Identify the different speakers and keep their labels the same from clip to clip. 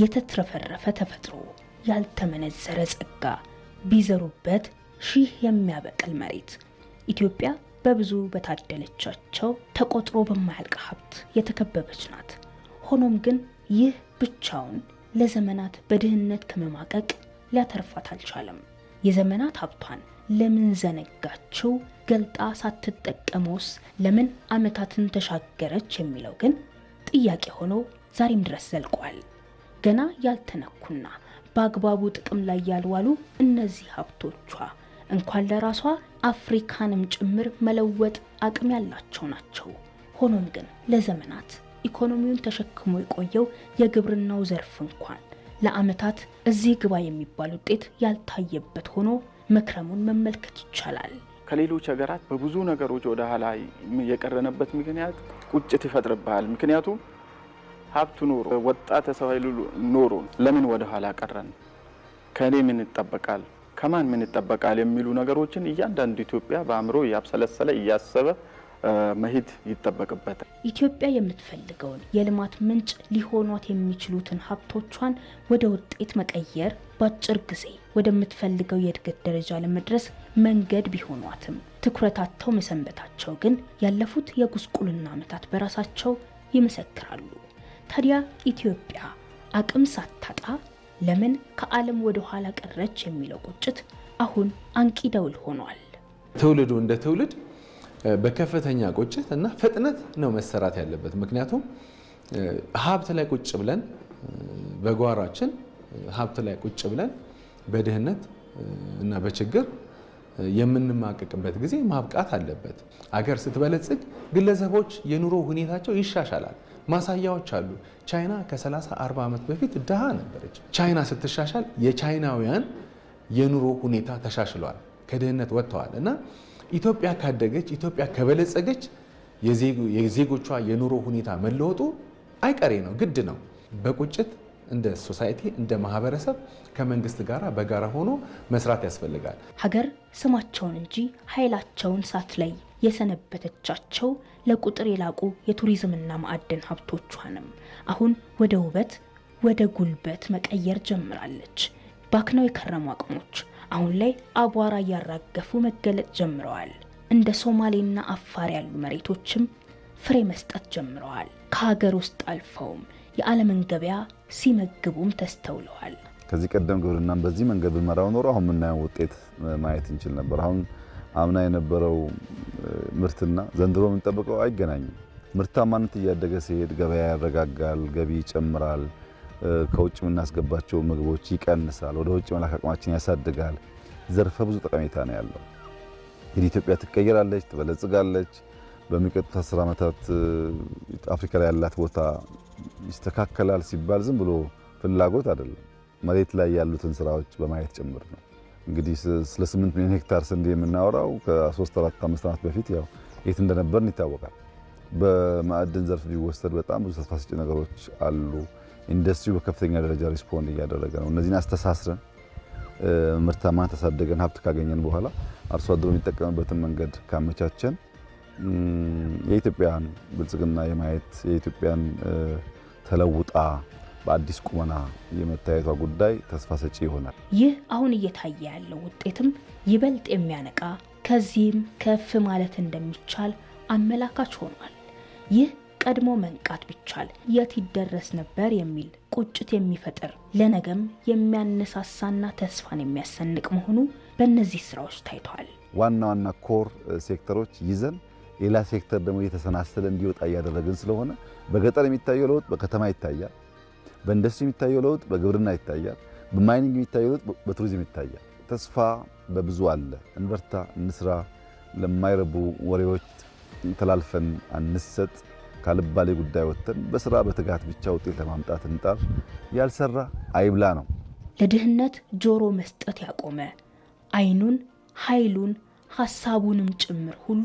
Speaker 1: የተትረፈረፈ ተፈጥሮ ያልተመነዘረ ጸጋ ቢዘሩበት ሺህ የሚያበቅል መሬት ኢትዮጵያ በብዙ በታደለቻቸው ተቆጥሮ በማያልቅ ሀብት የተከበበች ናት። ሆኖም ግን ይህ ብቻውን ለዘመናት በድህነት ከመማቀቅ ሊያተርፋት አልቻለም። የዘመናት ሀብቷን ለምን ዘነጋችው? ገልጣ ሳትጠቀመውስ ለምን ዓመታትን ተሻገረች? የሚለው ግን ጥያቄ ሆኖ ዛሬም ድረስ ዘልቋል። ገና ያልተነኩና በአግባቡ ጥቅም ላይ ያልዋሉ እነዚህ ሀብቶቿ እንኳን ለራሷ አፍሪካንም ጭምር መለወጥ አቅም ያላቸው ናቸው። ሆኖም ግን ለዘመናት ኢኮኖሚውን ተሸክሞ የቆየው የግብርናው ዘርፍ እንኳን ለዓመታት እዚህ ግባ የሚባል ውጤት ያልታየበት ሆኖ መክረሙን መመልከት ይቻላል።
Speaker 2: ከሌሎች ሀገራት በብዙ ነገሮች ወደ ኋላ የቀረነበት ምክንያት ቁጭት ይፈጥርብሃል። ምክንያቱም ሀብቱ ኖሮ ወጣት ሰው ኃይሉ ኖሮ ለምን ወደ ኋላ ቀረን? ከእኔ ምን ይጠበቃል፣ ከማን ምን ይጠበቃል የሚሉ ነገሮችን እያንዳንዱ ኢትዮጵያ በአእምሮ እያብሰለሰለ እያሰበ መሄድ ይጠበቅበታል።
Speaker 1: ኢትዮጵያ የምትፈልገውን የልማት ምንጭ ሊሆኗት የሚችሉትን ሀብቶቿን ወደ ውጤት መቀየር በአጭር ጊዜ ወደምትፈልገው የእድገት ደረጃ ለመድረስ መንገድ ቢሆኗትም አጥተው መሰንበታቸው ግን ያለፉት የጉስቁልና ዓመታት በራሳቸው ይመሰክራሉ። ታዲያ ኢትዮጵያ አቅም ሳታጣ ለምን ከዓለም ወደ ኋላ ቀረች የሚለው ቁጭት አሁን አንቂ ደውል ሆኗል።
Speaker 2: ትውልዱ እንደ ትውልድ በከፍተኛ ቁጭት እና ፍጥነት ነው መሰራት ያለበት። ምክንያቱም ሀብት ላይ ቁጭ ብለን በጓሯችን ሀብት ላይ ቁጭ ብለን በድህነት እና በችግር የምንማቀቅበት ጊዜ ማብቃት አለበት። አገር ስትበለጽግ ግለሰቦች የኑሮ ሁኔታቸው ይሻሻላል። ማሳያዎች አሉ። ቻይና ከ30 40 ዓመት በፊት ድሃ ነበረች። ቻይና ስትሻሻል የቻይናውያን የኑሮ ሁኔታ ተሻሽሏል፣ ከድህነት ወጥተዋል። እና ኢትዮጵያ ካደገች፣ ኢትዮጵያ ከበለጸገች የዜጎቿ የኑሮ ሁኔታ መለወጡ አይቀሬ ነው፣ ግድ ነው። በቁጭት እንደ ሶሳይቲ እንደ ማህበረሰብ ከመንግስት ጋር በጋራ ሆኖ መስራት ያስፈልጋል።
Speaker 1: ሀገር ስማቸውን እንጂ ኃይላቸውን ሳትለይ የሰነበተቻቸው ለቁጥር የላቁ የቱሪዝምና ማዕድን ሀብቶቿንም አሁን ወደ ውበት፣ ወደ ጉልበት መቀየር ጀምራለች። ባክነው የከረሙ አቅሞች አሁን ላይ አቧራ እያራገፉ መገለጥ ጀምረዋል። እንደ ሶማሌና አፋር ያሉ መሬቶችም ፍሬ መስጠት ጀምረዋል። ከሀገር ውስጥ አልፈውም የዓለምን ገበያ ሲመግቡም ተስተውለዋል።
Speaker 3: ከዚህ ቀደም ግብርናን በዚህ መንገድ ብንመራው ኖሮ አሁን የምናየው ውጤት ማየት እንችል ነበር። አሁን አምና የነበረው ምርትና ዘንድሮ የምንጠብቀው አይገናኝም። ምርታማነት እያደገ ሲሄድ ገበያ ያረጋጋል፣ ገቢ ይጨምራል፣ ከውጭ የምናስገባቸው ምግቦች ይቀንሳል፣ ወደ ውጭ መላክ አቅማችን ያሳድጋል። ዘርፈ ብዙ ጠቀሜታ ነው ያለው። እንግዲህ ኢትዮጵያ ትቀየራለች፣ ትበለጽጋለች። በሚቀጥሉት አስር ዓመታት አፍሪካ ላይ ያላት ቦታ ይስተካከላል ሲባል ዝም ብሎ ፍላጎት አይደለም፣ መሬት ላይ ያሉትን ስራዎች በማየት ጭምር ነው። እንግዲህ ስለ 8 ሚሊዮን ሄክታር ስንዴ የምናወራው ከ3 4 5 ዓመት በፊት ያው የት እንደነበርን ይታወቃል። በማዕድን ዘርፍ ቢወሰድ በጣም ብዙ ተስፋ ሰጪ ነገሮች አሉ። ኢንዱስትሪው በከፍተኛ ደረጃ ሪስፖንድ እያደረገ ነው። እነዚህን አስተሳስረን ምርታማ ተሳደገን ሀብት ካገኘን በኋላ አርሶ አደሩ የሚጠቀምበትን መንገድ ካመቻቸን የኢትዮጵያን ብልጽግና የማየት የኢትዮጵያን ተለውጣ በአዲስ ቁመና የመታየቷ ጉዳይ ተስፋ ሰጪ ይሆናል።
Speaker 1: ይህ አሁን እየታየ ያለው ውጤትም ይበልጥ የሚያነቃ ከዚህም ከፍ ማለት እንደሚቻል አመላካች ሆኗል። ይህ ቀድሞ መንቃት ቢቻል የት ይደረስ ነበር የሚል ቁጭት የሚፈጥር ለነገም የሚያነሳሳና ተስፋን የሚያሰንቅ መሆኑ በእነዚህ ስራዎች ታይቷል።
Speaker 3: ዋና ዋና ኮር ሴክተሮች ይዘን ሌላ ሴክተር ደግሞ እየተሰናሰለ እንዲወጣ እያደረግን ስለሆነ በገጠር የሚታየው ለውጥ በከተማ ይታያል። በኢንዱስትሪ የሚታየው ለውጥ በግብርና ይታያል። በማይኒንግ የሚታየው ለውጥ በቱሪዝም ይታያል። ተስፋ በብዙ አለ። እንበርታ፣ እንስራ። ለማይረቡ ወሬዎች ተላልፈን አንሰጥ። ካልባሌ ጉዳይ ወጥተን በስራ በትጋት ብቻ ውጤት ለማምጣት እንጣር። ያልሰራ አይብላ ነው።
Speaker 1: ለድህነት ጆሮ መስጠት ያቆመ አይኑን ኃይሉን ሀሳቡንም ጭምር ሁሉ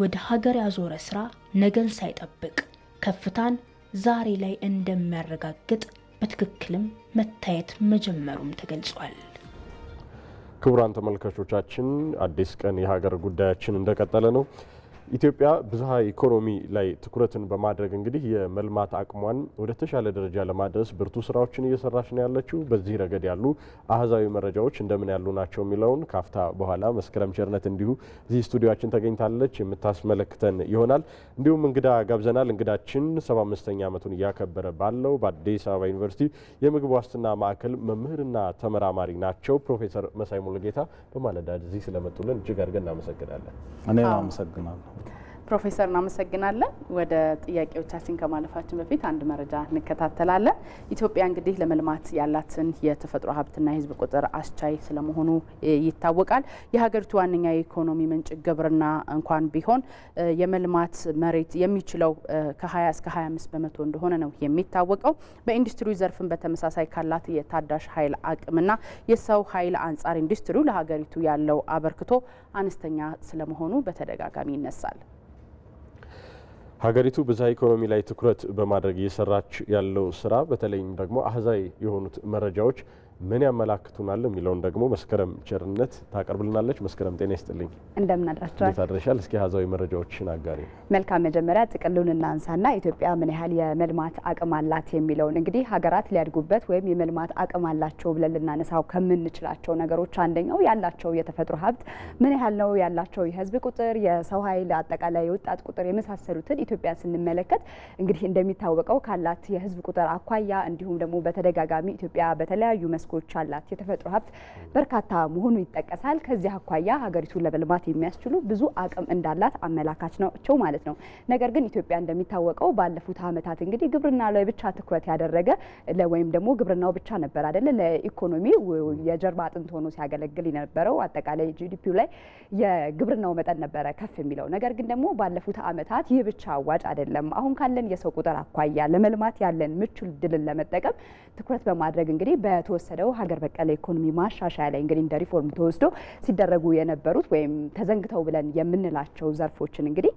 Speaker 1: ወደ ሀገር ያዞረ ስራ ነገን ሳይጠብቅ ከፍታን ዛሬ ላይ እንደሚያረጋግጥ በትክክልም መታየት መጀመሩም ተገልጿል።
Speaker 4: ክቡራን ተመልካቾቻችን አዲስ ቀን የሀገር ጉዳያችን እንደቀጠለ ነው። ኢትዮጵያ ብዝሃ ኢኮኖሚ ላይ ትኩረትን በማድረግ እንግዲህ የመልማት አቅሟን ወደ ተሻለ ደረጃ ለማድረስ ብርቱ ስራዎችን እየሰራች ነው ያለችው። በዚህ ረገድ ያሉ አህዛዊ መረጃዎች እንደምን ያሉ ናቸው የሚለውን ካፍታ በኋላ መስከረም ቸርነት እንዲሁ እዚህ ስቱዲዮችን ተገኝታለች የምታስመለክተን ይሆናል። እንዲሁም እንግዳ ጋብዘናል። እንግዳችን ሰባ አምስተኛ ዓመቱን እያከበረ ባለው በአዲስ አበባ ዩኒቨርሲቲ የምግብ ዋስትና ማዕከል መምህርና ተመራማሪ ናቸው ፕሮፌሰር መሳይ ሙሉጌታ በማለዳ እዚህ ስለመጡልን እጅግ አድርገን እናመሰግናለን።
Speaker 5: እኔ አመሰግናለሁ።
Speaker 6: ፕሮፌሰር እናመሰግናለን። ወደ ጥያቄዎቻችን ከማለፋችን በፊት አንድ መረጃ እንከታተላለን። ኢትዮጵያ እንግዲህ ለመልማት ያላትን የተፈጥሮ ሀብትና የሕዝብ ቁጥር አስቻይ ስለመሆኑ ይታወቃል። የሀገሪቱ ዋነኛ የኢኮኖሚ ምንጭ ግብርና እንኳን ቢሆን የመልማት መሬት የሚችለው ከ20 እስከ 25 በመቶ እንደሆነ ነው የሚታወቀው። በኢንዱስትሪው ዘርፍን በተመሳሳይ ካላት የታዳሽ ኃይል አቅምና የሰው ኃይል አንጻር ኢንዱስትሪው ለሀገሪቱ ያለው አበርክቶ አነስተኛ ስለመሆኑ በተደጋጋሚ ይነሳል።
Speaker 4: ሀገሪቱ ብዝሃ ኢኮኖሚ ላይ ትኩረት በማድረግ እየሰራች ያለው ስራ በተለይም ደግሞ አህዛይ የሆኑት መረጃዎች ምን ያመላክቱናል የሚለውን ደግሞ መስከረም ቸርነት ታቀርብልናለች። መስከረም ጤና ይስጥልኝ፣
Speaker 6: እንደምናድራቸዋል
Speaker 4: ታድረሻል። እስኪ ሀዛዊ መረጃዎችን አጋሪ።
Speaker 6: መልካም። መጀመሪያ ጥቅሉን እናንሳና ኢትዮጵያ ምን ያህል የመልማት አቅም አላት የሚለውን እንግዲህ ሀገራት ሊያድጉበት ወይም የመልማት አቅም አላቸው ብለን ልናነሳው ከምንችላቸው ነገሮች አንደኛው ያላቸው የተፈጥሮ ሀብት ምን ያህል ነው፣ ያላቸው የህዝብ ቁጥር፣ የሰው ኃይል፣ አጠቃላይ የወጣት ቁጥር የመሳሰሉትን ኢትዮጵያ ስንመለከት እንግዲህ እንደሚታወቀው ካላት የህዝብ ቁጥር አኳያ እንዲሁም ደግሞ በተደጋጋሚ ኢትዮጵያ በተለያዩ መ መስኮች አላት። የተፈጥሮ ሀብት በርካታ መሆኑ ይጠቀሳል። ከዚህ አኳያ ሀገሪቱን ለመልማት የሚያስችሉ ብዙ አቅም እንዳላት አመላካች ናቸው ማለት ነው። ነገር ግን ኢትዮጵያ እንደሚታወቀው ባለፉት ዓመታት እንግዲህ ግብርና ላይ ብቻ ትኩረት ያደረገ ወይም ደግሞ ግብርናው ብቻ ነበር አይደለ ለኢኮኖሚ የጀርባ አጥንት ሆኖ ሲያገለግል የነበረው አጠቃላይ ጂዲፒው ላይ የግብርናው መጠን ነበረ ከፍ የሚለው። ነገር ግን ደግሞ ባለፉት ዓመታት ይህ ብቻ አዋጭ አይደለም። አሁን ካለን የሰው ቁጥር አኳያ ለመልማት ያለን ምቹ ድልን ለመጠቀም ትኩረት በማድረግ እንግዲህ በተወሰነ የተወሰደው ሀገር በቀል ኢኮኖሚ ማሻሻያ ላይ እንግዲህ እንደ ሪፎርም ተወስዶ ሲደረጉ የነበሩት ወይም ተዘንግተው ብለን የምንላቸው ዘርፎችን እንግዲህ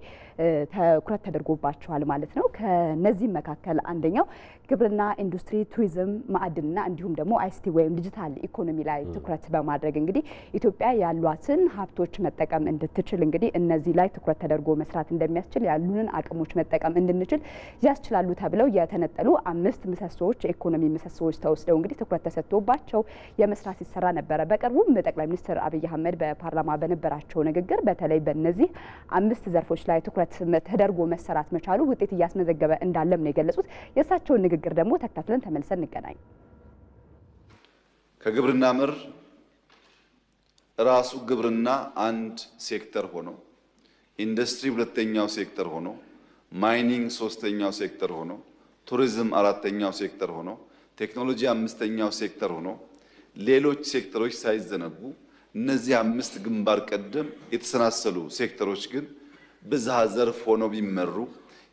Speaker 6: ትኩረት ተደርጎባቸዋል ማለት ነው። ከነዚህም መካከል አንደኛው ግብርና፣ ኢንዱስትሪ፣ ቱሪዝም፣ ማዕድንና እንዲሁም ደግሞ አይሲቲ ወይም ዲጂታል ኢኮኖሚ ላይ ትኩረት በማድረግ እንግዲህ ኢትዮጵያ ያሏትን ሀብቶች መጠቀም እንድትችል እንግዲህ እነዚህ ላይ ትኩረት ተደርጎ መስራት እንደሚያስችል ያሉንን አቅሞች መጠቀም እንድንችል ያስችላሉ ተብለው የተነጠሉ አምስት ምሰሶዎች የኢኮኖሚ ምሰሶዎች ተወስደው እንግዲህ ትኩረት ተሰጥቶ እንዲጠበቅባቸው የመስራት ይሰራ ነበረ። በቅርቡም ጠቅላይ ሚኒስትር አብይ አህመድ በፓርላማ በነበራቸው ንግግር በተለይ በእነዚህ አምስት ዘርፎች ላይ ትኩረት ተደርጎ መሰራት መቻሉ ውጤት እያስመዘገበ እንዳለም ነው የገለጹት። የእሳቸውን ንግግር ደግሞ ተከታትለን ተመልሰን እንገናኝ።
Speaker 7: ከግብርና ምር ራሱ ግብርና አንድ ሴክተር ሆኖ ኢንዱስትሪ ሁለተኛው ሴክተር ሆኖ ማይኒንግ ሶስተኛው ሴክተር ሆኖ ቱሪዝም አራተኛው ሴክተር ሆኖ ቴክኖሎጂ አምስተኛው ሴክተር ሆኖ ሌሎች ሴክተሮች ሳይዘነጉ እነዚህ አምስት ግንባር ቀደም የተሰናሰሉ ሴክተሮች ግን ብዝሃ ዘርፍ ሆነው ቢመሩ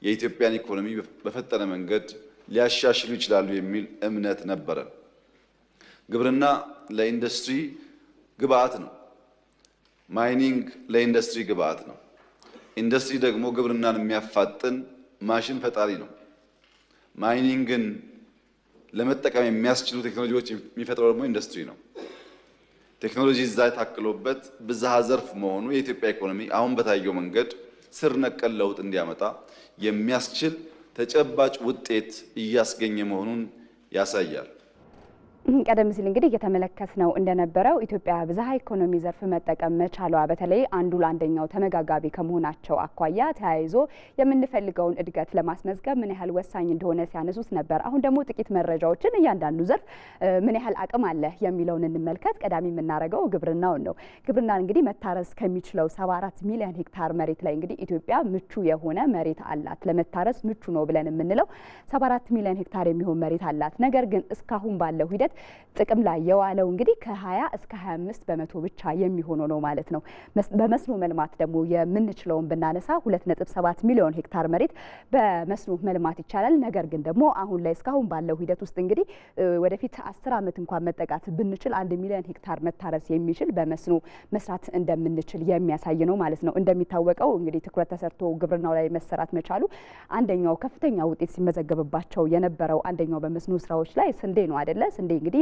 Speaker 7: የኢትዮጵያን ኢኮኖሚ በፈጠነ መንገድ ሊያሻሽሉ ይችላሉ የሚል እምነት ነበረ። ግብርና ለኢንዱስትሪ ግብአት ነው። ማይኒንግ ለኢንዱስትሪ ግብአት ነው። ኢንዱስትሪ ደግሞ ግብርናን የሚያፋጥን ማሽን ፈጣሪ ነው። ማይኒንግን ለመጠቀም የሚያስችሉ ቴክኖሎጂዎች የሚፈጥረው ደግሞ ኢንዱስትሪ ነው። ቴክኖሎጂ እዛ የታክሎበት ብዝሃ ዘርፍ መሆኑ የኢትዮጵያ ኢኮኖሚ አሁን በታየው መንገድ ስር ነቀል ለውጥ እንዲያመጣ የሚያስችል ተጨባጭ ውጤት እያስገኘ መሆኑን ያሳያል።
Speaker 6: ቀደም ሲል እንግዲህ እየተመለከት ነው እንደነበረው ኢትዮጵያ ብዝሃ ኢኮኖሚ ዘርፍ መጠቀም መቻሏ በተለይ አንዱ ለአንደኛው ተመጋጋቢ ከመሆናቸው አኳያ ተያይዞ የምንፈልገውን እድገት ለማስመዝገብ ምን ያህል ወሳኝ እንደሆነ ሲያነሱት ነበር። አሁን ደግሞ ጥቂት መረጃዎችን እያንዳንዱ ዘርፍ ምን ያህል አቅም አለ የሚለውን እንመልከት። ቀዳሚ የምናደርገው ግብርናውን ነው። ግብርና እንግዲህ መታረስ ከሚችለው 74 ሚሊዮን ሄክታር መሬት ላይ እንግዲህ ኢትዮጵያ ምቹ የሆነ መሬት አላት። ለመታረስ ምቹ ነው ብለን የምንለው 74 ሚሊዮን ሄክታር የሚሆን መሬት አላት። ነገር ግን እስካሁን ባለው ሂደት ጥቅም ላይ የዋለው እንግዲህ ከ20 እስከ 25 በመቶ ብቻ የሚሆነው ነው ማለት ነው። በመስኖ መልማት ደግሞ የምንችለውን ብናነሳ 2.7 ሚሊዮን ሄክታር መሬት በመስኖ መልማት ይቻላል። ነገር ግን ደግሞ አሁን ላይ እስካሁን ባለው ሂደት ውስጥ እንግዲህ ወደፊት 10 ዓመት እንኳን መጠቃት ብንችል አንድ ሚሊዮን ሄክታር መታረስ የሚችል በመስኖ መስራት እንደምንችል የሚያሳይ ነው ማለት ነው። እንደሚታወቀው እንግዲህ ትኩረት ተሰርቶ ግብርናው ላይ መሰራት መቻሉ አንደኛው ከፍተኛ ውጤት ሲመዘገብባቸው የነበረው አንደኛው በመስኖ ስራዎች ላይ ስንዴ ነው አይደለ? ስንዴ እንግዲህ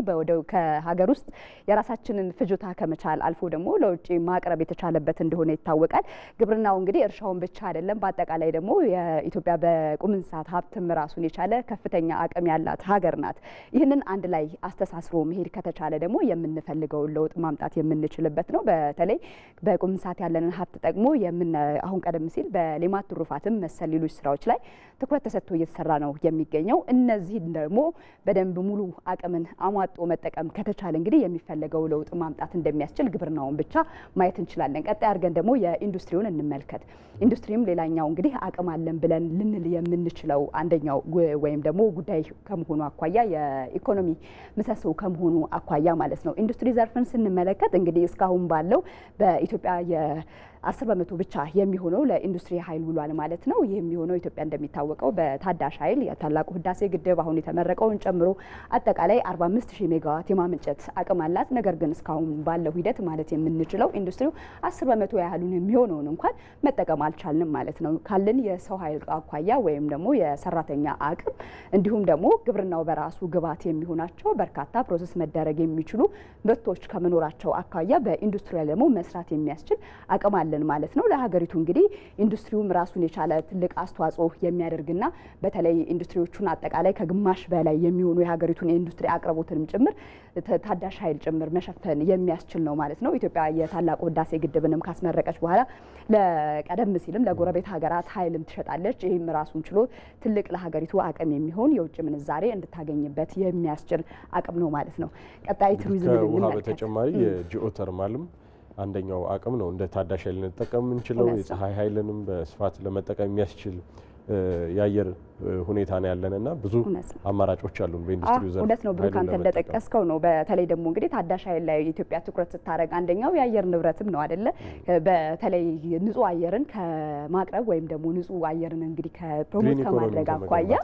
Speaker 6: ከሀገር ውስጥ የራሳችንን ፍጆታ ከመቻል አልፎ ደግሞ ለውጭ ማቅረብ የተቻለበት እንደሆነ ይታወቃል። ግብርናው እንግዲህ እርሻውን ብቻ አይደለም፣ በአጠቃላይ ደግሞ የኢትዮጵያ በቁም እንስሳት ሀብትም ራሱን የቻለ ከፍተኛ አቅም ያላት ሀገር ናት። ይህንን አንድ ላይ አስተሳስሮ መሄድ ከተቻለ ደግሞ የምንፈልገውን ለውጥ ማምጣት የምንችልበት ነው። በተለይ በቁም እንስሳት ያለንን ሀብት ጠቅሞ አሁን ቀደም ሲል በሌማት ትሩፋትም መሰል ሌሎች ስራዎች ላይ ትኩረት ተሰጥቶ እየተሰራ ነው የሚገኘው። እነዚህ ደግሞ በደንብ ሙሉ አቅምን አሟጦ መጠቀም ከተቻለ እንግዲህ የሚፈለገው ለውጥ ማምጣት እንደሚያስችል ግብርናውን ብቻ ማየት እንችላለን። ቀጣይ አድርገን ደግሞ የኢንዱስትሪውን እንመልከት። ኢንዱስትሪም ሌላኛው እንግዲህ አቅም አለን ብለን ልንል የምንችለው አንደኛው ወይም ደግሞ ጉዳይ ከመሆኑ አኳያ የኢኮኖሚ ምሰሶ ከመሆኑ አኳያ ማለት ነው። ኢንዱስትሪ ዘርፍን ስንመለከት እንግዲህ እስካሁን ባለው በኢትዮጵያ አስር በመቶ ብቻ የሚሆነው ለኢንዱስትሪ ኃይል ውሏል ማለት ነው። ይህ የሚሆነው ኢትዮጵያ እንደሚታወቀው በታዳሽ ኃይል የታላቁ ህዳሴ ግድብ አሁን የተመረቀውን ጨምሮ አጠቃላይ 45 ሺህ ሜጋዋት የማመንጨት አቅም አላት። ነገር ግን እስካሁን ባለው ሂደት ማለት የምንችለው ኢንዱስትሪው አስር በመቶ ያህሉን የሚሆነውን እንኳን መጠቀም አልቻልንም ማለት ነው። ካለን የሰው ኃይል አኳያ ወይም ደግሞ የሰራተኛ አቅም እንዲሁም ደግሞ ግብርናው በራሱ ግብዓት የሚሆናቸው በርካታ ፕሮሰስ መደረግ የሚችሉ ምርቶች ከመኖራቸው አኳያ በኢንዱስትሪ ላይ ደግሞ መስራት የሚያስችል አቅም አለ እንችላለን ማለት ነው። ለሀገሪቱ እንግዲህ ኢንዱስትሪውም ራሱን የቻለ ትልቅ አስተዋጽኦ የሚያደርግና በተለይ ኢንዱስትሪዎቹን አጠቃላይ ከግማሽ በላይ የሚሆኑ የሀገሪቱን የኢንዱስትሪ አቅርቦትንም ጭምር ታዳሽ ኃይል ጭምር መሸፈን የሚያስችል ነው ማለት ነው። ኢትዮጵያ የታላቁ ህዳሴ ግድብንም ካስመረቀች በኋላ ለቀደም ሲልም ለጎረቤት ሀገራት ኃይልም ትሸጣለች። ይህም ራሱን ችሎ ትልቅ ለሀገሪቱ አቅም የሚሆን የውጭ ምንዛሬ እንድታገኝበት የሚያስችል አቅም ነው ማለት ነው።
Speaker 3: ቀጣይ ቱሪዝም በተጨማሪ የጂኦተርማልም አንደኛው አቅም ነው። እንደ ታዳሽ ኃይል ልንጠቀም የምንችለው የፀሐይ ኃይልንም በስፋት ለመጠቀም የሚያስችል የአየር ሁኔታ ነው ያለን እና ብዙ አማራጮች አሉ። በኢንዱስትሪ ዘርፍ።
Speaker 6: እውነት ነው ብሩክ፣ አንተ እንደጠቀስከው ነው። በተለይ ደግሞ እንግዲህ ታዳሽ ኃይል ላይ ኢትዮጵያ ትኩረት ስታደርግ አንደኛው የአየር ንብረትም ነው አደለ? በተለይ ንጹህ አየርን ከማቅረብ ወይም ደግሞ ንጹህ አየርን እንግዲህ ከፕሮሞት ከማድረግ አኳያ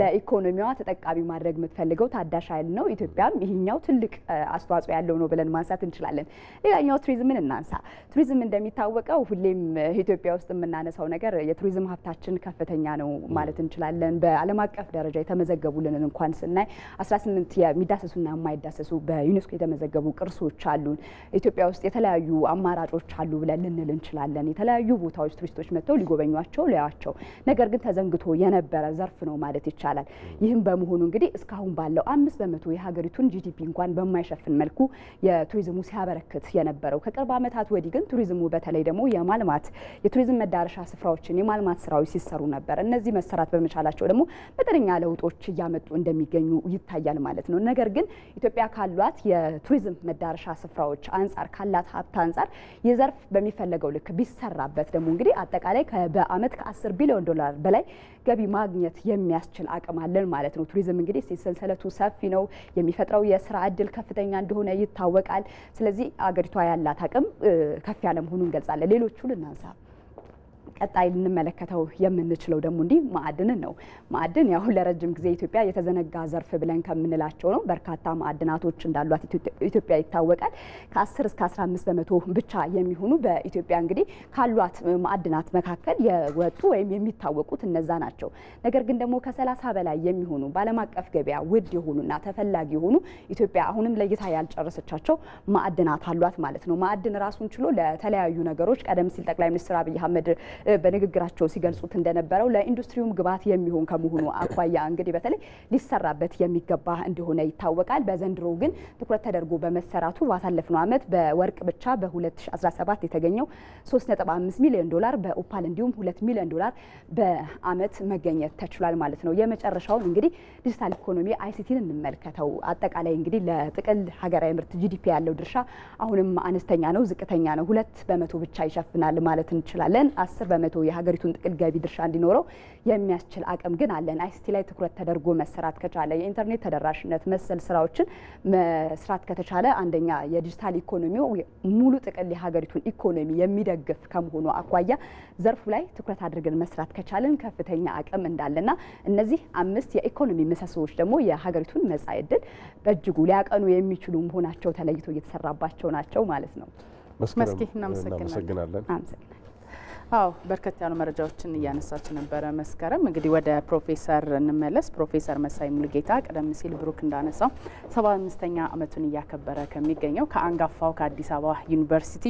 Speaker 6: ለኢኮኖሚዋ ተጠቃሚ ማድረግ የምትፈልገው ታዳሽ ኃይል ነው። ኢትዮጵያም ይህኛው ትልቅ አስተዋጽኦ ያለው ነው ብለን ማንሳት እንችላለን። ሌላኛው ቱሪዝምን እናንሳ። ቱሪዝም እንደሚታወቀው ሁሌም ኢትዮጵያ ውስጥ የምናነሳው ነገር የቱሪዝም ሀብታችን ከፍተኛ ነው ማለት እንችላለን። እናያለን። በዓለም አቀፍ ደረጃ የተመዘገቡልንን እንኳን ስናይ 18 የሚዳሰሱና የማይዳሰሱ በዩኔስኮ የተመዘገቡ ቅርሶች አሉን። ኢትዮጵያ ውስጥ የተለያዩ አማራጮች አሉ ብለን ልንል እንችላለን። የተለያዩ ቦታዎች ቱሪስቶች መጥተው ሊጎበኟቸው ሊያቸው፣ ነገር ግን ተዘንግቶ የነበረ ዘርፍ ነው ማለት ይቻላል። ይህም በመሆኑ እንግዲህ እስካሁን ባለው አምስት በመቶ የሀገሪቱን ጂዲፒ እንኳን በማይሸፍን መልኩ የቱሪዝሙ ሲያበረክት የነበረው ከቅርብ ዓመታት ወዲህ ግን ቱሪዝሙ በተለይ ደግሞ የማልማት የቱሪዝም መዳረሻ ስፍራዎችን የማልማት ስራዎች ሲሰሩ ነበር። እነዚህ መሰራት በመቻላቸው በሀገራቸው ደግሞ መጠነኛ ለውጦች እያመጡ እንደሚገኙ ይታያል ማለት ነው። ነገር ግን ኢትዮጵያ ካሏት የቱሪዝም መዳረሻ ስፍራዎች አንጻር ካላት ሀብት አንጻር የዘርፍ ዘርፍ በሚፈለገው ልክ ቢሰራበት ደግሞ እንግዲህ አጠቃላይ በዓመት ከ10 ቢሊዮን ዶላር በላይ ገቢ ማግኘት የሚያስችል አቅም አለን ማለት ነው። ቱሪዝም እንግዲህ ሰንሰለቱ ሰፊ ነው። የሚፈጥረው የስራ እድል ከፍተኛ እንደሆነ ይታወቃል። ስለዚህ አገሪቷ ያላት አቅም ከፍ ያለ መሆኑን እንገልጻለን። ሌሎቹ ልናንሳ ቀጣይ ልንመለከተው የምንችለው ደግሞ እንዲህ ማዕድንን ነው። ማዕድን ያው ለረጅም ጊዜ ኢትዮጵያ የተዘነጋ ዘርፍ ብለን ከምንላቸው ነው። በርካታ ማዕድናቶች እንዳሏት ኢትዮጵያ ይታወቃል። ከ10 እስከ 15 በመቶ ብቻ የሚሆኑ በኢትዮጵያ እንግዲህ ካሏት ማዕድናት መካከል የወጡ ወይም የሚታወቁት እነዛ ናቸው። ነገር ግን ደግሞ ከ30 በላይ የሚሆኑ በዓለም አቀፍ ገበያ ውድ የሆኑና ተፈላጊ የሆኑ ኢትዮጵያ አሁንም ለይታ ያልጨረሰቻቸው ማዕድናት አሏት ማለት ነው። ማዕድን ራሱን ችሎ ለተለያዩ ነገሮች ቀደም ሲል ጠቅላይ ሚኒስትር አብይ አህመድ በንግግራቸው ሲገልጹት እንደነበረው ለኢንዱስትሪውም ግብዓት የሚሆን ከመሆኑ አኳያ እንግዲህ በተለይ ሊሰራበት የሚገባ እንደሆነ ይታወቃል። በዘንድሮ ግን ትኩረት ተደርጎ በመሰራቱ ባሳለፍነው ዓመት በወርቅ ብቻ በ2017 የተገኘው 3.5 ሚሊዮን ዶላር በኦፓል እንዲሁም 2 ሚሊዮን ዶላር በዓመት መገኘት ተችሏል ማለት ነው። የመጨረሻውን እንግዲህ ዲጂታል ኢኮኖሚ አይሲቲን እንመልከተው። አጠቃላይ እንግዲህ ለጥቅል ሀገራዊ ምርት ጂዲፒ ያለው ድርሻ አሁንም አነስተኛ ነው፣ ዝቅተኛ ነው። ሁለት በመቶ ብቻ ይሸፍናል ማለት እንችላለን። አስር በመቶ የሀገሪቱን ጥቅል ገቢ ድርሻ እንዲኖረው የሚያስችል አቅም ግን አለን። አይሲቲ ላይ ትኩረት ተደርጎ መሰራት ከቻለ የኢንተርኔት ተደራሽነት መሰል ስራዎችን መስራት ከተቻለ አንደኛ የዲጂታል ኢኮኖሚው ሙሉ ጥቅል የሀገሪቱን ኢኮኖሚ የሚደግፍ ከመሆኑ አኳያ ዘርፉ ላይ ትኩረት አድርገን መስራት ከቻለን ከፍተኛ አቅም እንዳለና እነዚህ አምስት የኢኮኖሚ ምሰሶዎች ደግሞ የሀገሪቱን መጻኢ ዕድል በእጅጉ ሊያቀኑ የሚችሉ መሆናቸው ተለይቶ እየተሰራባቸው ናቸው ማለት ነው። መስኪ እናመሰግናለን። አዎ በርከት ያሉ መረጃዎችን እያነሳች ነበረ መስከረም። እንግዲህ ወደ ፕሮፌሰር እንመለስ። ፕሮፌሰር መሳይ ሙሉጌታ ቀደም ሲል ብሩክ እንዳነሳው ሰባ አምስተኛ ዓመቱን እያከበረ ከሚገኘው ከአንጋፋው ከአዲስ አበባ ዩኒቨርሲቲ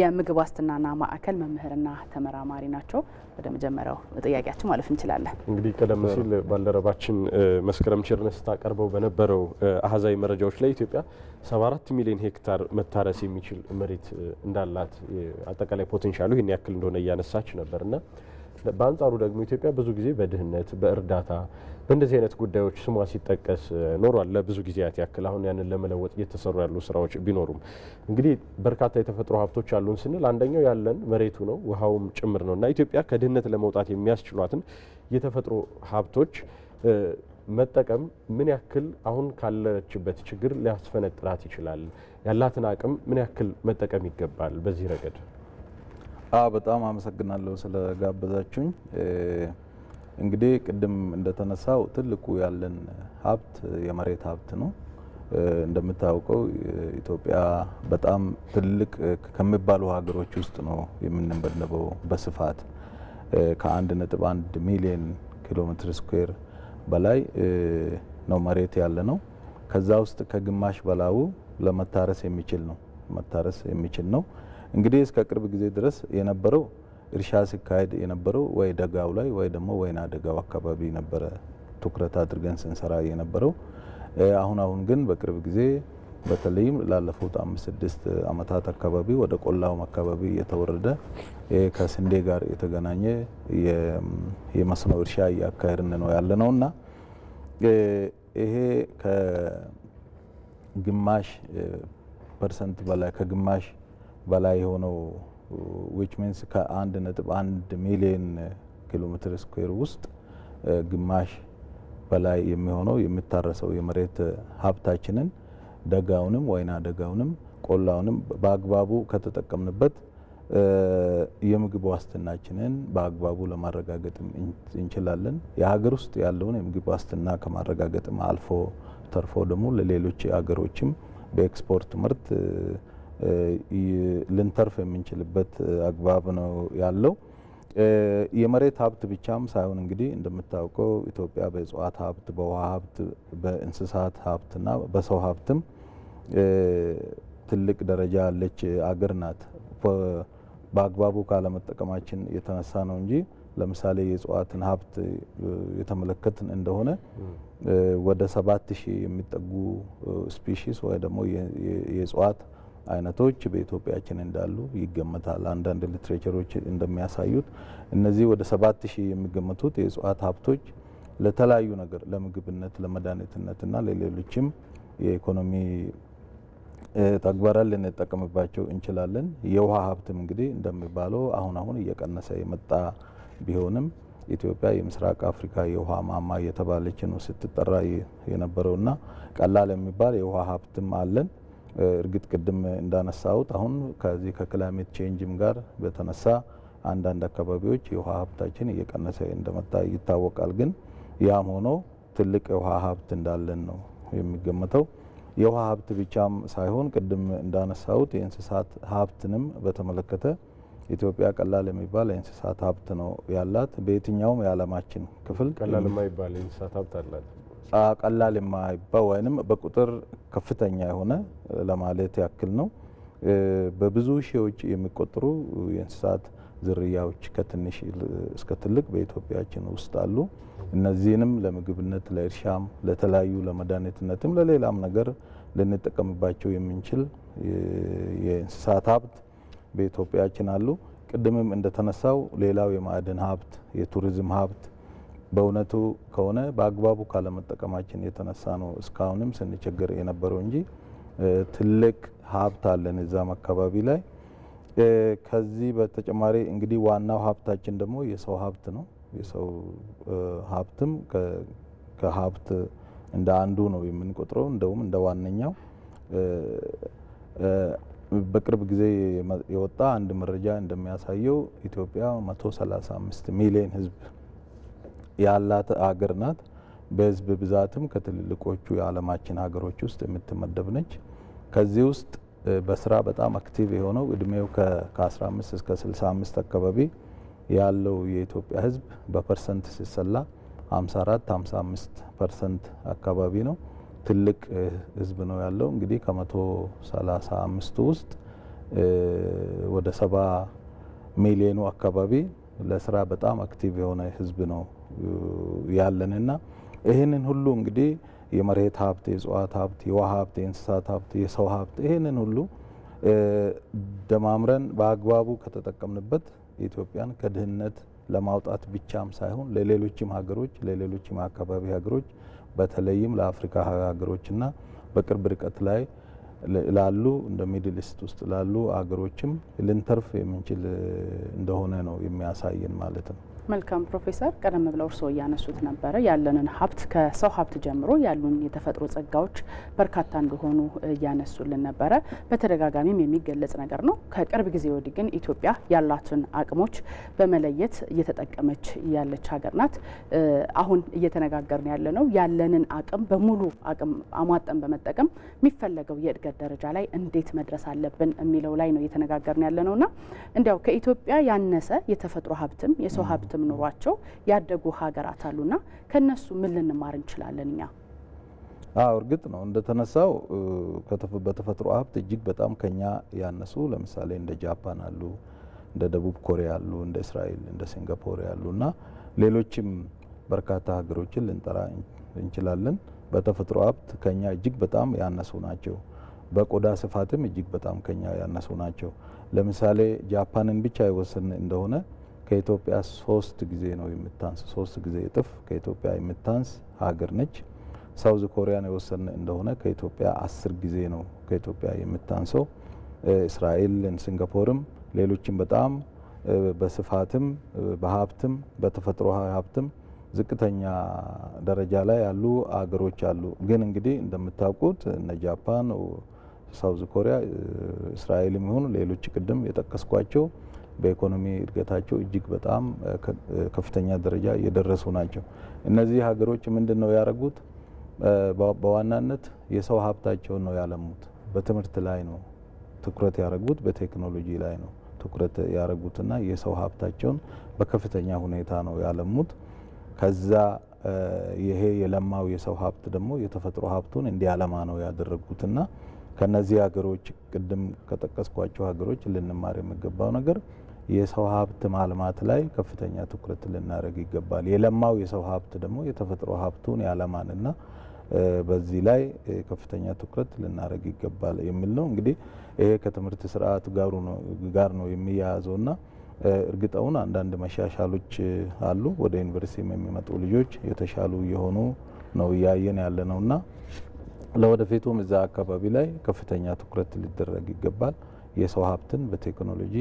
Speaker 6: የምግብ ዋስትናና ማዕከል መምህርና ተመራማሪ ናቸው። ወደ መጀመሪያው ጥያቄያችን ማለፍ እንችላለን።
Speaker 5: እንግዲህ ቀደም ሲል ባልደረባችን መስከረም ቸርነት ስታቀርበው በነበረው አሃዛዊ መረጃዎች ላይ ኢትዮጵያ 74 ሚሊዮን ሄክታር መታረስ የሚችል መሬት እንዳላት አጠቃላይ ፖቴንሻሉ ይህን ያክል እንደሆነ እያነሳች ነበርና በአንጻሩ ደግሞ ኢትዮጵያ ብዙ ጊዜ በድህነት በእርዳታ በእንደዚህ አይነት ጉዳዮች ስሟ ሲጠቀስ ኖሯል ለብዙ ጊዜያት ያክል። አሁን ያንን ለመለወጥ እየተሰሩ ያሉ ስራዎች ቢኖሩም እንግዲህ በርካታ የተፈጥሮ ሀብቶች አሉን ስንል አንደኛው ያለን መሬቱ ነው፣ ውሃውም ጭምር ነው እና ኢትዮጵያ ከድህነት ለመውጣት የሚያስችሏትን የተፈጥሮ ሀብቶች መጠቀም ምን ያክል አሁን ካለችበት ችግር ሊያስፈነጥራት ይችላል? ያላትን አቅም ምን ያክል መጠቀም ይገባል? በዚህ ረገድ
Speaker 3: በጣም አመሰግናለሁ ስለጋበዛችሁኝ። እንግዲህ ቅድም እንደተነሳው ትልቁ ያለን ሀብት የመሬት ሀብት ነው። እንደምታውቀው ኢትዮጵያ በጣም ትልቅ ከሚባሉ ሀገሮች ውስጥ ነው የምንመደበው በስፋት ከአንድ ነጥብ አንድ ሚሊዮን ኪሎ ሜትር ስኩዌር በላይ ነው መሬት ያለ ነው። ከዛ ውስጥ ከግማሽ በላዩ ለመታረስ የሚችል ነው መታረስ የሚችል ነው። እንግዲህ እስከ ቅርብ ጊዜ ድረስ የነበረው እርሻ ሲካሄድ የነበረው ወይ ደጋው ላይ ወይ ደግሞ ወይና ደጋው አካባቢ ነበረ ትኩረት አድርገን ስንሰራ የነበረው። አሁን አሁን ግን በቅርብ ጊዜ በተለይም ላለፉት አምስት ስድስት አመታት አካባቢ ወደ ቆላውም አካባቢ እየተወረደ ከስንዴ ጋር የተገናኘ የመስኖ እርሻ እያካሄድን ነው ያለ ነው እና ይሄ ከግማሽ ፐርሰንት በላይ ከግማሽ በላይ የሆነው ዊች ሚንስ ከአንድ ነጥብ አንድ ሚሊዮን ኪሎ ሜትር ስኩዌር ውስጥ ግማሽ በላይ የሚሆነው የሚታረሰው የመሬት ሀብታችንን ደጋውንም ወይና ደጋውንም ቆላውንም በአግባቡ ከተጠቀምንበት የምግብ ዋስትናችንን በአግባቡ ለማረጋገጥ እንችላለን። የሀገር ውስጥ ያለውን የምግብ ዋስትና ከማረጋገጥም አልፎ ተርፎ ደግሞ ለሌሎች ሀገሮችም በኤክስፖርት ምርት ልንተርፍ የምንችልበት አግባብ ነው ያለው። የመሬት ሀብት ብቻም ሳይሆን እንግዲህ እንደምታውቀው ኢትዮጵያ በእጽዋት ሀብት፣ በውሃ ሀብት፣ በእንስሳት ሀብትና በሰው ሀብትም ትልቅ ደረጃ ያለች አገር ናት። በአግባቡ ካለመጠቀማችን የተነሳ ነው እንጂ ለምሳሌ የእጽዋትን ሀብት የተመለከትን እንደሆነ ወደ ሰባት ሺህ የሚጠጉ ስፒሺስ ወይ ደግሞ የእጽዋት አይነቶች በኢትዮጵያችን እንዳሉ ይገመታል። አንዳንድ ሊትሬቸሮች እንደሚያሳዩት እነዚህ ወደ ሰባት ሺህ የሚገመቱት የእጽዋት ሀብቶች ለተለያዩ ነገር ለምግብነት፣ ለመድኃኒትነትና ለሌሎችም የኢኮኖሚ ተግባራት ልንጠቀምባቸው እንችላለን። የውሃ ሀብትም እንግዲህ እንደሚባለው አሁን አሁን እየቀነሰ የመጣ ቢሆንም ኢትዮጵያ የምስራቅ አፍሪካ የውሃ ማማ እየተባለች ነው ስትጠራ የነበረውና ቀላል የሚባል የውሃ ሀብትም አለን። እርግጥ ቅድም እንዳነሳሁት አሁን ከዚህ ከክላይሜት ቼንጅም ጋር በተነሳ አንዳንድ አካባቢዎች የውሃ ሀብታችን እየቀነሰ እንደመጣ ይታወቃል። ግን ያም ሆኖ ትልቅ የውሃ ሀብት እንዳለን ነው የሚገመተው። የውሃ ሀብት ብቻም ሳይሆን ቅድም እንዳነሳሁት የእንስሳት ሀብትንም በተመለከተ ኢትዮጵያ ቀላል የሚባል የእንስሳት ሀብት ነው ያላት። በየትኛውም የዓለማችን
Speaker 5: ክፍል ቀላል የማይባል የእንስሳት ሀብት አላት።
Speaker 3: ቀላል የማይባ ወይም በቁጥር ከፍተኛ የሆነ ለማለት ያክል ነው። በብዙ ሺዎች የሚቆጠሩ የእንስሳት ዝርያዎች ከትንሽ እስከ ትልቅ በኢትዮጵያችን ውስጥ አሉ። እነዚህንም ለምግብነት፣ ለእርሻም፣ ለተለያዩ ለመድኃኒትነትም፣ ለሌላም ነገር ልንጠቀምባቸው የምንችል የእንስሳት ሀብት በኢትዮጵያችን አሉ። ቅድምም እንደተነሳው ሌላው የማዕድን ሀብት፣ የቱሪዝም ሀብት በእውነቱ ከሆነ በአግባቡ ካለመጠቀማችን የተነሳ ነው እስካሁንም ስንቸገር የነበረው እንጂ ትልቅ ሀብት አለን እዛም አካባቢ ላይ። ከዚህ በተጨማሪ እንግዲህ ዋናው ሀብታችን ደግሞ የሰው ሀብት ነው። የሰው ሀብትም ከሀብት እንደ አንዱ ነው የምንቆጥረው፣ እንደውም እንደ ዋነኛው። በቅርብ ጊዜ የወጣ አንድ መረጃ እንደሚያሳየው ኢትዮጵያ 135 ሚሊዮን ህዝብ ። ያላት አገር ናት። በህዝብ ብዛትም ከትልልቆቹ የዓለማችን ሀገሮች ውስጥ የምትመደብ ነች። ከዚህ ውስጥ በስራ በጣም አክቲቭ የሆነው እድሜው ከ15 እስከ 65 አካባቢ ያለው የኢትዮጵያ ህዝብ በፐርሰንት ሲሰላ 54 55 ፐርሰንት አካባቢ ነው። ትልቅ ህዝብ ነው ያለው። እንግዲህ ከ135 ውስጥ ወደ ሰባ ሚሊዮኑ አካባቢ ለስራ በጣም አክቲቭ የሆነ ህዝብ ነው ያለንና ይህንን ሁሉ እንግዲህ የመሬት ሀብት፣ የእጽዋት ሀብት፣ የውሃ ሀብት፣ የእንስሳት ሀብት፣ የሰው ሀብት ይህንን ሁሉ ደማምረን በአግባቡ ከተጠቀምንበት ኢትዮጵያን ከድህነት ለማውጣት ብቻም ሳይሆን ለሌሎችም ሀገሮች ለሌሎችም አካባቢ ሀገሮች በተለይም ለአፍሪካ ሀገሮችና በቅርብ ርቀት ላይ ላሉ እንደ ሚድል ኢስት ውስጥ ላሉ ሀገሮችም ልንተርፍ የምንችል እንደሆነ ነው የሚያሳየን ማለት ነው።
Speaker 6: መልካም ፕሮፌሰር፣ ቀደም ብለው እርስዎ እያነሱት ነበረ ያለንን ሀብት ከሰው ሀብት ጀምሮ ያሉን የተፈጥሮ ጸጋዎች በርካታ እንደሆኑ እያነሱልን ነበረ። በተደጋጋሚም የሚገለጽ ነገር ነው። ከቅርብ ጊዜ ወዲህ ግን ኢትዮጵያ ያላትን አቅሞች በመለየት እየተጠቀመች ያለች ሀገር ናት። አሁን እየተነጋገርን ያለ ነው ያለንን አቅም በሙሉ አቅም አሟጠን በመጠቀም የሚፈለገው የእድገት ደረጃ ላይ እንዴት መድረስ አለብን የሚለው ላይ ነው እየተነጋገርን ያለ ነውና እንዲያው ከኢትዮጵያ ያነሰ የተፈጥሮ ሀብትም የሰው ሀብት ትምህርትም ኑሯቸው ያደጉ ሀገራት አሉና ከነሱ ምን ልንማር እንችላለን እኛ?
Speaker 3: አዎ እርግጥ ነው እንደተነሳው በተፈጥሮ ሀብት እጅግ በጣም ከኛ ያነሱ ለምሳሌ እንደ ጃፓን አሉ፣ እንደ ደቡብ ኮሪያ አሉ፣ እንደ እስራኤል፣ እንደ ሲንጋፖር ያሉ ሌሎችም በርካታ ሀገሮችን ልንጠራ እንችላለን። በተፈጥሮ ሀብት ከኛ እጅግ በጣም ያነሱ ናቸው። በቆዳ ስፋትም እጅግ በጣም ከኛ ያነሱ ናቸው። ለምሳሌ ጃፓንን ብቻ የወሰን እንደሆነ ከኢትዮጵያ ሶስት ጊዜ ነው የምታንስ ሶስት ጊዜ እጥፍ ከኢትዮጵያ የምታንስ ሀገር ነች። ሳውዝ ኮሪያን የወሰነ እንደሆነ ከኢትዮጵያ አስር ጊዜ ነው ከኢትዮጵያ የምታንሰው። እስራኤልን፣ ሲንጋፖርም ሌሎችም በጣም በስፋትም በሀብትም በተፈጥሮ ሀብትም ዝቅተኛ ደረጃ ላይ ያሉ አገሮች አሉ። ግን እንግዲህ እንደምታውቁት እነ ጃፓን፣ ሳውዝ ኮሪያ፣ እስራኤልም ይሁን ሌሎች ቅድም የጠቀስኳቸው በኢኮኖሚ እድገታቸው እጅግ በጣም ከፍተኛ ደረጃ የደረሱ ናቸው። እነዚህ ሀገሮች ምንድን ነው ያደረጉት? በዋናነት የሰው ሀብታቸውን ነው ያለሙት። በትምህርት ላይ ነው ትኩረት ያደረጉት፣ በቴክኖሎጂ ላይ ነው ትኩረት ያደረጉትና የሰው ሀብታቸውን በከፍተኛ ሁኔታ ነው ያለሙት። ከዛ ይሄ የለማው የሰው ሀብት ደግሞ የተፈጥሮ ሀብቱን እንዲያለማ ነው ያደረጉትና ከነዚህ ሀገሮች ቅድም ከጠቀስኳቸው ሀገሮች ልንማር የሚገባው ነገር የሰው ሀብት ማልማት ላይ ከፍተኛ ትኩረት ልናደርግ ይገባል። የለማው የሰው ሀብት ደግሞ የተፈጥሮ ሀብቱን ያለማንና በዚህ ላይ ከፍተኛ ትኩረት ልናደርግ ይገባል የሚል ነው። እንግዲህ ይሄ ከትምህርት ስርዓት ጋር ነው የሚያያዘውና እርግጠውን አንዳንድ መሻሻሎች አሉ። ወደ ዩኒቨርሲቲም የሚመጡ ልጆች የተሻሉ የሆኑ ነው እያየን ያለ ነውና ለወደፊቱም እዛ አካባቢ ላይ ከፍተኛ ትኩረት ሊደረግ ይገባል። የሰው ሀብትን በቴክኖሎጂ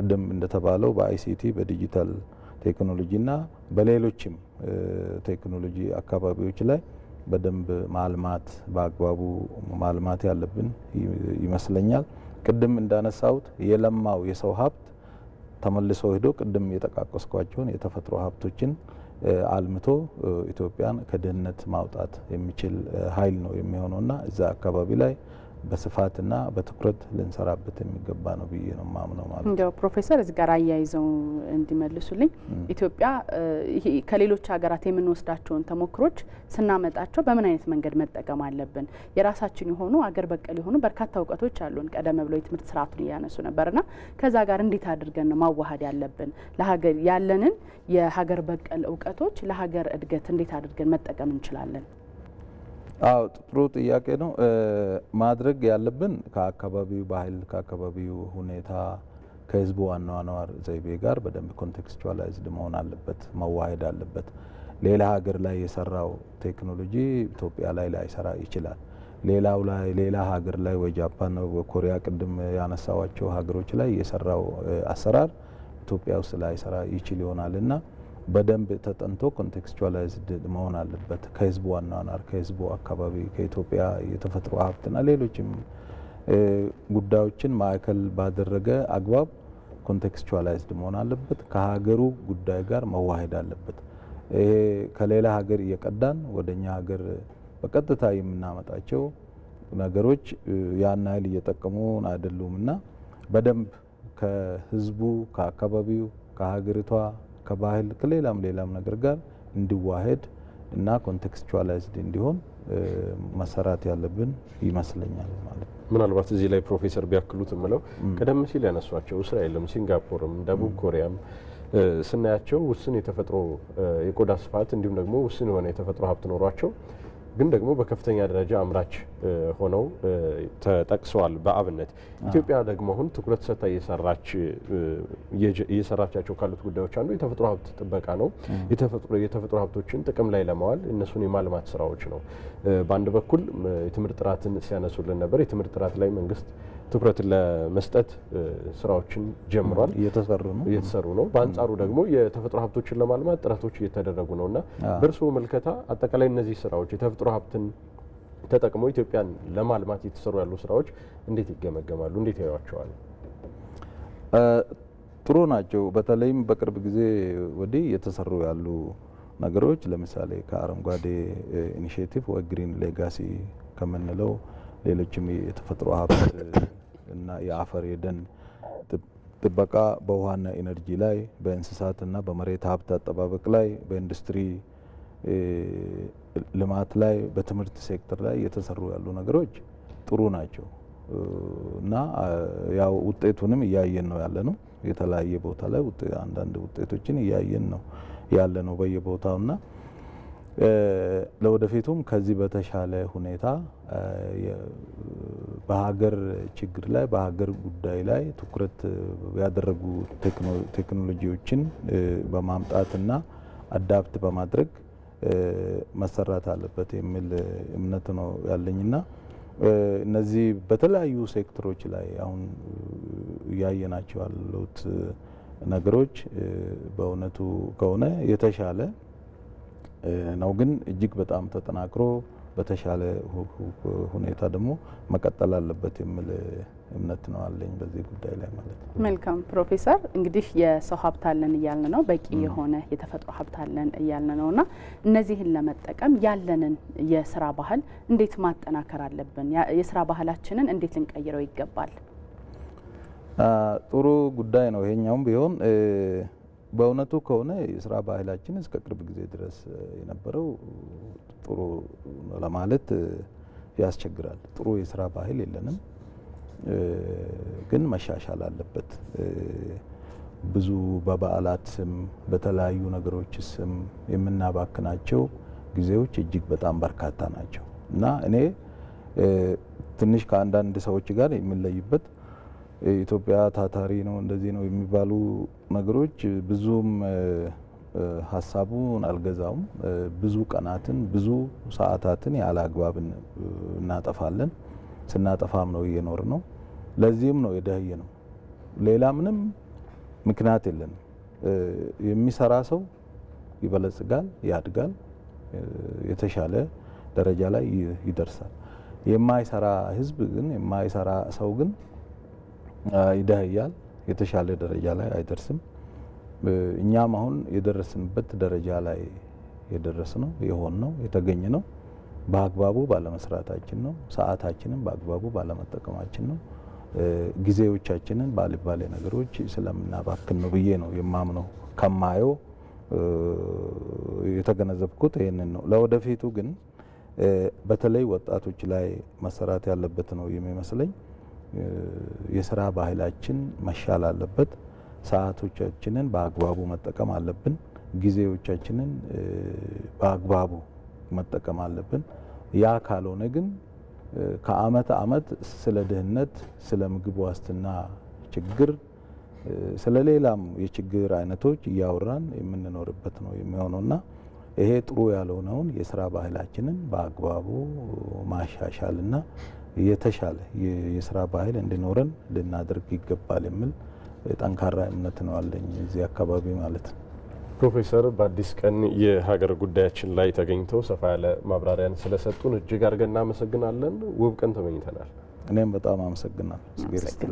Speaker 3: ቅድም እንደተባለው በአይሲቲ በዲጂታል ቴክኖሎጂና በሌሎችም ቴክኖሎጂ አካባቢዎች ላይ በደንብ ማልማት በአግባቡ ማልማት ያለብን ይመስለኛል። ቅድም እንዳነሳሁት የለማው የሰው ሀብት ተመልሶ ሄዶ ቅድም የጠቃቀስኳቸውን የተፈጥሮ ሀብቶችን አልምቶ ኢትዮጵያን ከድህነት ማውጣት የሚችል ኃይል ነው የሚሆነውና እዛ አካባቢ ላይ በስፋትና በትኩረት ልንሰራበት የሚገባ ነው ብዬ ነው ማምነው። ማለት
Speaker 6: እንዲያው ፕሮፌሰር እዚህ ጋር አያይዘው እንዲመልሱልኝ ኢትዮጵያ ከሌሎች ሀገራት የምንወስዳቸውን ተሞክሮች ስናመጣቸው በምን አይነት መንገድ መጠቀም አለብን? የራሳችን የሆኑ አገር በቀል የሆኑ በርካታ እውቀቶች አሉን። ቀደም ብለው የትምህርት ስርዓቱን እያነሱ ነበርና ከዛ ጋር እንዴት አድርገን ነው ማዋሃድ ያለብን? ለሀገር ያለንን የሀገር በቀል እውቀቶች ለሀገር እድገት እንዴት አድርገን መጠቀም እንችላለን?
Speaker 3: አዎ ጥሩ ጥያቄ ነው። ማድረግ ያለብን ከአካባቢው ባህል፣ ከአካባቢው ሁኔታ፣ ከህዝቡ አኗኗር ዘይቤ ጋር በደንብ ኮንቴክስቹዋላይዝድ መሆን አለበት፣ መዋሄድ አለበት። ሌላ ሀገር ላይ የሰራው ቴክኖሎጂ ኢትዮጵያ ላይ ላይሰራ ይችላል። ሌላው ላይ ሌላ ሀገር ላይ ወይ ጃፓን፣ ኮሪያ ቅድም ያነሳዋቸው ሀገሮች ላይ የሰራው አሰራር ኢትዮጵያ ውስጥ ላይሰራ ይችል ይሆናል እና በደንብ ተጠንቶ ኮንቴክስቹዋላይዝድ መሆን አለበት። ከህዝቡ ዋና ከህዝቡ አካባቢ ከኢትዮጵያ የተፈጥሮ ሀብትና ሌሎችም ጉዳዮችን ማዕከል ባደረገ አግባብ ኮንቴክስቹዋላይዝድ መሆን አለበት። ከሀገሩ ጉዳይ ጋር መዋሄድ አለበት። ይሄ ከሌላ ሀገር እየቀዳን ወደ እኛ ሀገር በቀጥታ የምናመጣቸው ነገሮች ያን ያህል እየጠቀሙን አይደሉም እና በደንብ ከህዝቡ ከአካባቢው ከሀገሪቷ ከባህል ከሌላም ሌላም ነገር ጋር እንዲዋሄድ እና ኮንቴክስቹዋላይዝድ እንዲሆን መሰራት ያለብን ይመስለኛል ማለት ነው።
Speaker 5: ምናልባት እዚህ ላይ ፕሮፌሰር ቢያክሉት የምለው ቀደም ሲል ያነሷቸው እስራኤልም፣ ሲንጋፖርም፣ ደቡብ ኮሪያም ስናያቸው ውስን የተፈጥሮ የቆዳ ስፋት እንዲሁም ደግሞ ውስን የሆነ የተፈጥሮ ሀብት ኖሯቸው ግን ደግሞ በከፍተኛ ደረጃ አምራች ሆነው ተጠቅሰዋል በአብነት። ኢትዮጵያ ደግሞ አሁን ትኩረት ሰጥታ እየሰራቻቸው ካሉት ጉዳዮች አንዱ የተፈጥሮ ሀብት ጥበቃ ነው። የተፈጥሮ ሀብቶችን ጥቅም ላይ ለማዋል እነሱን የማልማት ስራዎች ነው። በአንድ በኩል የትምህርት ጥራትን ሲያነሱልን ነበር። የትምህርት ጥራት ላይ መንግስት ትኩረት ለመስጠት ስራዎችን ጀምሯል፣
Speaker 3: እየተሰሩ ነው
Speaker 5: እየተሰሩ ነው። በአንጻሩ ደግሞ የተፈጥሮ ሀብቶችን ለማልማት ጥረቶች እየተደረጉ ነው እና በእርስዎ መልከታ አጠቃላይ እነዚህ ስራዎች የተፈጥሮ ሀብትን ተጠቅሞ ኢትዮጵያን ለማልማት እየተሰሩ ያሉ ስራዎች እንዴት ይገመገማሉ? እንዴት ያዩቸዋል?
Speaker 3: ጥሩ ናቸው። በተለይም በቅርብ ጊዜ ወዲህ የተሰሩ ያሉ ነገሮች ለምሳሌ ከአረንጓዴ ኢኒሽቲቭ ወይ ግሪን ሌጋሲ ከምንለው ሌሎችም የተፈጥሮ ሀብት እና የአፈር የደን ጥበቃ በውሃና ኢነርጂ ላይ በእንስሳትና በመሬት ሀብት አጠባበቅ ላይ በኢንዱስትሪ ልማት ላይ በትምህርት ሴክተር ላይ እየተሰሩ ያሉ ነገሮች ጥሩ ናቸው እና ያው ውጤቱንም እያየን ነው ያለ ነው። የተለያየ ቦታ ላይ አንዳንድ ውጤቶችን እያየን ነው ያለ ነው በየቦታውና ለወደፊቱም ከዚህ በተሻለ ሁኔታ በሀገር ችግር ላይ በሀገር ጉዳይ ላይ ትኩረት ያደረጉ ቴክኖሎጂዎችን በማምጣትና አዳፕት በማድረግ መሰራት አለበት የሚል እምነት ነው ያለኝና እነዚህ በተለያዩ ሴክተሮች ላይ አሁን እያየናቸው ያሉት ነገሮች በእውነቱ ከሆነ የተሻለ ነው። ግን እጅግ በጣም ተጠናክሮ በተሻለ ሁኔታ ደግሞ መቀጠል አለበት የሚል እምነት ነው አለኝ በዚህ ጉዳይ ላይ ማለት
Speaker 6: ነው። መልካም ፕሮፌሰር፣ እንግዲህ የሰው ሀብት አለን እያልን ነው፣ በቂ የሆነ የተፈጥሮ ሀብት አለን እያልን ነው እና እነዚህን ለመጠቀም ያለንን የስራ ባህል እንዴት ማጠናከር አለብን? የስራ ባህላችንን እንዴት ልንቀይረው ይገባል?
Speaker 3: ጥሩ ጉዳይ ነው ይሄኛውም ቢሆን በእውነቱ ከሆነ የስራ ባህላችን እስከ ቅርብ ጊዜ ድረስ የነበረው ጥሩ ለማለት ያስቸግራል። ጥሩ የስራ ባህል የለንም፣ ግን መሻሻል አለበት። ብዙ በበዓላት ስም በተለያዩ ነገሮች ስም የምናባክናቸው ጊዜዎች እጅግ በጣም በርካታ ናቸው እና እኔ ትንሽ ከአንዳንድ ሰዎች ጋር የሚለይበት ኢትዮጵያ ታታሪ ነው እንደዚህ ነው የሚባሉ ነገሮች ብዙም ሀሳቡን አልገዛውም። ብዙ ቀናትን ብዙ ሰዓታትን ያለ አግባብ እናጠፋለን። ስናጠፋም ነው እየኖር ነው። ለዚህም ነው የደህየ ነው። ሌላ ምንም ምክንያት የለንም። የሚሰራ ሰው ይበለጽጋል፣ ያድጋል፣ የተሻለ ደረጃ ላይ ይደርሳል። የማይሰራ ህዝብ ግን የማይሰራ ሰው ግን ይደህያል፣ የተሻለ ደረጃ ላይ አይደርስም። እኛም አሁን የደረስንበት ደረጃ ላይ የደረስ ነው የሆን ነው የተገኘ ነው በአግባቡ ባለመስራታችን ነው። ሰዓታችንን በአግባቡ ባለመጠቀማችን ነው። ጊዜዎቻችንን ባልባሌ ነገሮች ስለምናባክን ነው ብዬ ነው የማምነው። ከማየው የተገነዘብኩት ይህንን ነው። ለወደፊቱ ግን በተለይ ወጣቶች ላይ መሰራት ያለበት ነው የሚመስለኝ። የስራ ባህላችን መሻል አለበት። ሰዓቶቻችንን በአግባቡ መጠቀም አለብን። ጊዜዎቻችንን በአግባቡ መጠቀም አለብን። ያ ካልሆነ ግን ከአመት አመት ስለ ድህነት፣ ስለ ምግብ ዋስትና ችግር፣ ስለ ሌላም የችግር አይነቶች እያወራን የምንኖርበት ነው የሚሆነውና ይሄ ጥሩ ያልሆነውን የስራ ባህላችንን በአግባቡ ማሻሻልና የተሻለ የስራ ባህል እንዲኖረን ልናደርግ ይገባል የሚል ጠንካራ እምነት ነው አለኝ እዚህ አካባቢ ማለት ነው።
Speaker 5: ፕሮፌሰር በአዲስ ቀን የሀገር ጉዳያችን ላይ ተገኝተው ሰፋ ያለ ማብራሪያን ስለሰጡን እጅግ አድርገን እናመሰግናለን። ውብ ቀን ተመኝተናል።
Speaker 3: እኔም በጣም አመሰግናለሁ።